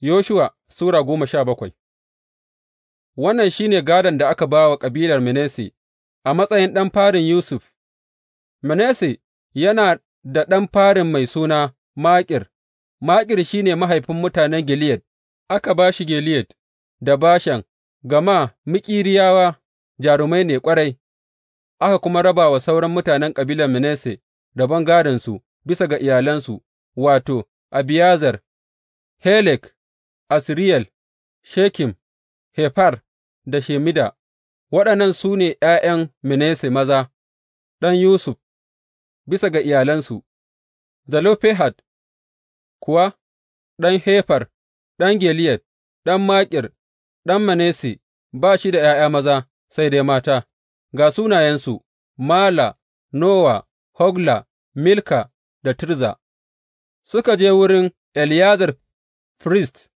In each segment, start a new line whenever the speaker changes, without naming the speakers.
Yoshuwa Sura goma sha bakwai Wannan shi ne gādon da aka ba wa kabilar Manasse a matsayin ɗan farin Yusuf, Manasse yana da ɗan farin mai suna Makir, Makir shi ne mahaifin mutanen Gileyad, aka ba shi Gileyad da Bashan, gama Mikiriyawa jarumai ne ƙwarai, aka kuma raba wa sauran mutanen kabilar Manasse rabon gādonsu bisa ga iyalansu, wato, Abiyazar, Helek. Asriyel, Shekem, Hefer da Shemida, waɗannan su ne ’ya'yan Manasse maza, ɗan Yusuf, bisa ga iyalansu, Zelofehad kuwa ɗan Hefer, ɗan Gileyad, ɗan Makir, ɗan Manasse, ba shi da ’ya'ya maza sai dai mata, ga sunayensu, Mala, Nowa, Hogla, Milka da Tirza, suka je wurin Eleyazar firist.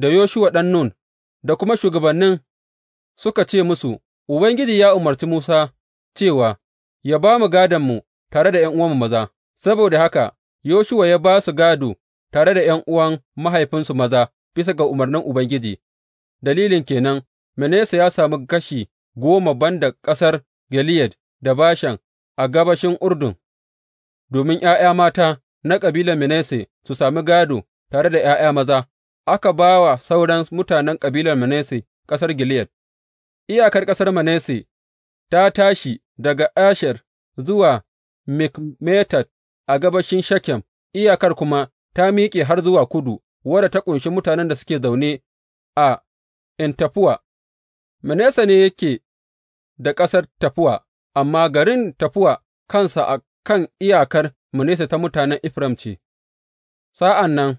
da Yoshuwa ɗan Nun da kuma shugabannin suka ce musu, Ubangiji ya umarci Musa cewa, Ya ba mu gādonmu tare da ’yan'uwanmu maza, saboda haka Yoshuwa ya ba su gādo tare da ’yan'uwan mahaifinsu maza bisa ga umarnin Ubangiji, dalilin kenan, Manasse ya sami kashi goma ban da ƙasar Gileyad da Bashan a gabashin Urdun, domin ’ya'ya mata na kabilar Manasse su sami gādo tare da ’ya'ya maza. aka ba wa sauran mutanen kabilar Manasse ƙasar Gileyad, iyakar ƙasar Manasse ta tashi daga Asher zuwa Mikmetat a gabashin Shekem, iyakar kuma ta miƙe har zuwa kudu, wadda ta ƙunshi mutanen da suke zaune a En Tafuwa. Manasse ne yake da ƙasar Tafuwa, amma garin Tafuwa kansa a kan iyakar Manasse ta mutanen Ifram ce. Sa'an nan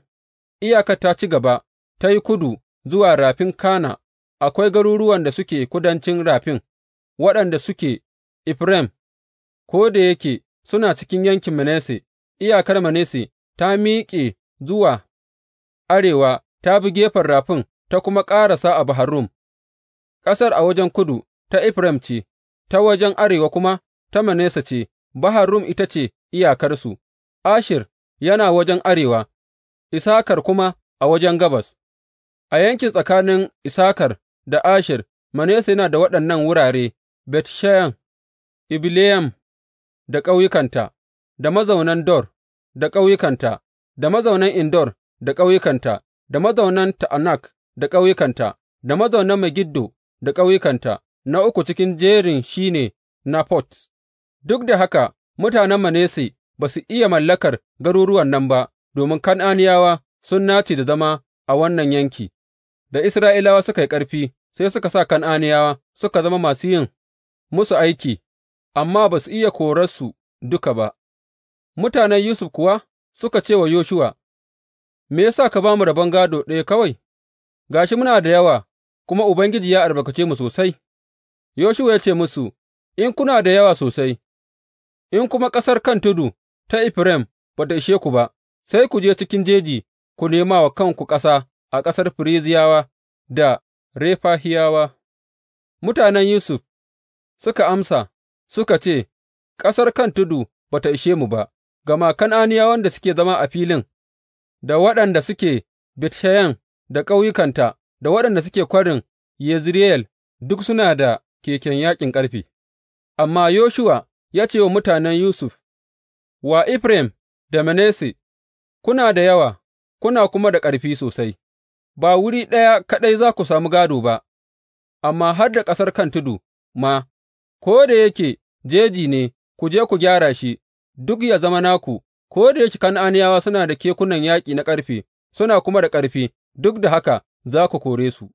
Iyakar ta ci gaba ta yi kudu zuwa Rafin Kana, akwai garuruwan da suke kudancin rafin, waɗanda suke Efraim, ko da yake suna cikin yankin Manasse, iyakar Manasse ta miƙe zuwa arewa ta bi gefen rafin ta kuma ƙarasa a Bahar Rum, ƙasar a wajen kudu ta Efraim ce, ta wajen arewa kuma ta Manasse ce, Bahar Rum ita ce iyakarsu, ashir yana wajen arewa. Issakar kuma a wajen gabas, a yankin tsakanin Issakar da Asher, Manasse yana da waɗannan wurare, Bet Sheyan, Ibileyam da ƙauyukanta, da mazaunan Dor da ƙauyukanta, da mazaunan Indor da ƙauyukanta, da mazaunan Ta'anak da ƙauyukanta, da mazaunan Megiddo da ƙauyukanta, na uku cikin jerin shi ne Nafot. Duk da haka mutanen Manasse ba su iya mallakar garuruwan nan ba, domin Kan'aniyawa sun nace da zama a wannan yanki, da Isra'ilawa suka yi ƙarfi, sai suka sa Kan'aniyawa suka zama masu yin musu aiki, amma ba su iya korarsu duka ba. Mutanen Yusuf kuwa suka ce wa Yoshuwa, Me ya sa ka ba mu rabon gādo ɗaya kawai, ga shi muna da yawa, kuma Ubangiji ya albarkace mu sosai? Yoshuwa ya ce musu, In kuna da yawa sosai, in kuma ƙasar kan tudu ta Efraim ba ta ishe ku ba, sai ku je cikin jeji ku nema wa kanku ƙasa a ƙasar Ferizziyawa da Refahiyawa. Mutanen Yusuf suka amsa, suka ce, Ƙasar kan tudu ba ta ishe mu ba, gama Kan'aniyawan da suke zama a filin, da waɗanda suke Bethsheyan da ƙauyukanta, da waɗanda suke kwarin Yezireyel duk suna da keken yaƙin ƙarfe. Amma Yoshuwa ya ce wa mutanen Yusuf, wa Efraim da Manasse, kuna da yawa, kuna kuma da ƙarfi sosai, ba wuri ɗaya kaɗai za ku sami gado ba, amma har da ƙasar kan tudu ma, ko da yake jeji ne, ku je ku gyara shi, duk ya zama naku, ko da yake Kan'aniyawa suna da kekunan yaƙi na ƙarfe, suna kuma da ƙarfi, duk da haka za ku kore su.